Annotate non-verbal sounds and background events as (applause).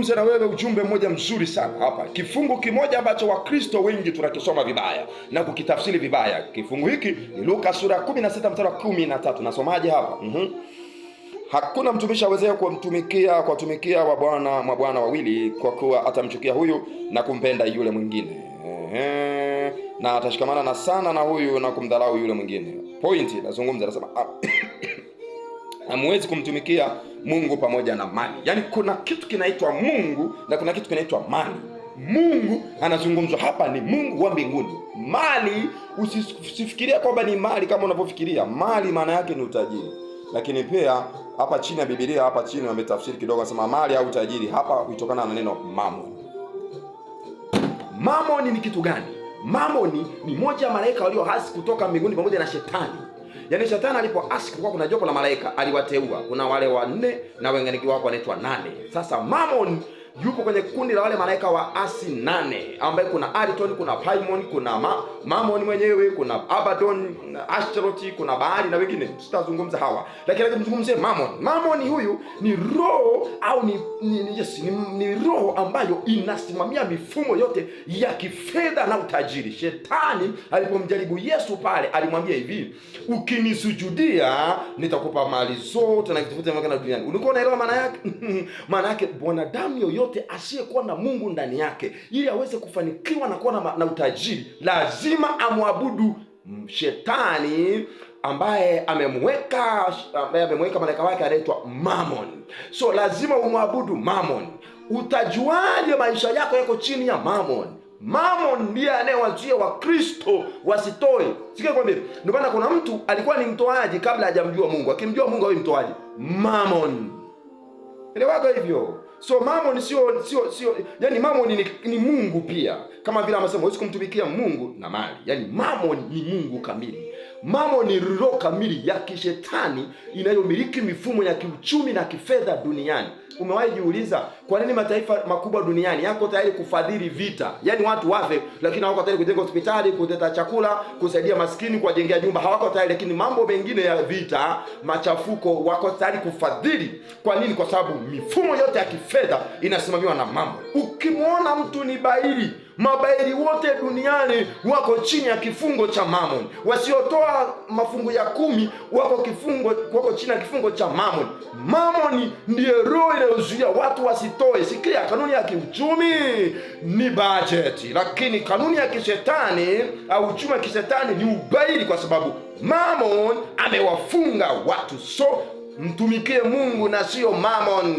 Mza na wewe ujumbe mmoja mzuri sana hapa, kifungu kimoja ambacho Wakristo wengi tunakisoma vibaya na kukitafsiri vibaya. Kifungu hiki ni Luka sura 16 mstari wa 13. Nasomaje hapa? mm -hmm. Hakuna mtumishi awezaye kuwatumikia wa bwana mabwana wawili, kwa kuwa atamchukia huyu na kumpenda yule mwingine, ehe, na atashikamana na sana na huyu na kumdhalau yule mwingine. Pointi nazungumza, nasema ah, muwezi kumtumikia Mungu pamoja na mali. Yaani kuna kitu kinaitwa Mungu na kuna kitu kinaitwa mali. Mungu anazungumzwa hapa, ni Mungu wa mbinguni. Mali usifikiria kwamba ni mali kama unavyofikiria mali, maana yake ni utajiri. Lakini pia hapa chini ya Biblia, hapa chini wametafsiri kidogo, anasema mali au utajiri, hapa hutokana na neno mamoni. Mamoni ni kitu gani? Mamoni ni moja ya malaika walio hasi kutoka mbinguni pamoja na shetani Yaani shetani ask kwa kuna jopo la malaika aliwateua, kuna wale wanne na wengine wako wanaitwa nane. Sasa Mammon yupo kwenye kundi la wale malaika wa asi nane, ambaye kuna Ariton, kuna Paimon, kuna Ma, Mamon mwenyewe, kuna Abaddon, Ashtaroth, kuna Baali na wengine. sitazungumza hawa, lakini lakini tumzungumzie Mamon. Mamon huyu ni roho au ni ni, ni, yes, ni, ni roho ambayo inasimamia mifumo yote ya kifedha na utajiri. Shetani alipomjaribu Yesu pale alimwambia hivi, ukinisujudia nitakupa mali zote na vitu vyote vya duniani. Ulikuwa unaelewa maana yake? (laughs) maana yake bwanadamu yoyote yoyote asiyekuwa na Mungu ndani yake, ili aweze kufanikiwa na kuwa na, na utajiri, lazima amwabudu shetani ambaye amemweka ambaye amemweka malaika wake anaitwa Mammon. So lazima umwabudu Mammon. Utajuaje maisha yako yako chini ya Mammon? Mammon ndiye anayewazia Wakristo wasitoe. Sikia kwambie, ndio maana kuna mtu alikuwa ni mtoaji kabla hajamjua Mungu. Akimjua Mungu awe mtoaji. Mammon elewaga hivyo. So mamoni sio sio sio, yani mamoni ni, ni Mungu pia, kama vile amesema huwezi kumtumikia Mungu na mali. Yani mamoni ni Mungu kamili. Mamo ni roho kamili ya kishetani inayomiliki mifumo ya kiuchumi na kifedha duniani. Umewahi jiuliza kwa nini mataifa makubwa duniani yako tayari kufadhili vita, yaani watu wafe, lakini hawako tayari kujenga hospitali, kuteta chakula, kusaidia maskini, kuwajengea nyumba? Hawako tayari, lakini mambo mengine ya vita, machafuko, wako tayari kufadhili. Kwa nini? Kwa sababu mifumo yote ya kifedha inasimamiwa na mambo. Ukimwona mtu ni baili mabairi wote duniani wako chini ya kifungo cha mamoni. Wasiotoa mafungu ya kumi wako kifungo, wako chini ya kifungo cha mamoni. Mamoni ndiye roho inayozuia watu wasitoe. Sikia, kanuni ya kiuchumi ni bajeti, lakini kanuni ya kishetani au uchumi wa kishetani ni ubairi kwa sababu mamoni amewafunga watu. So mtumikie Mungu na sio mamoni.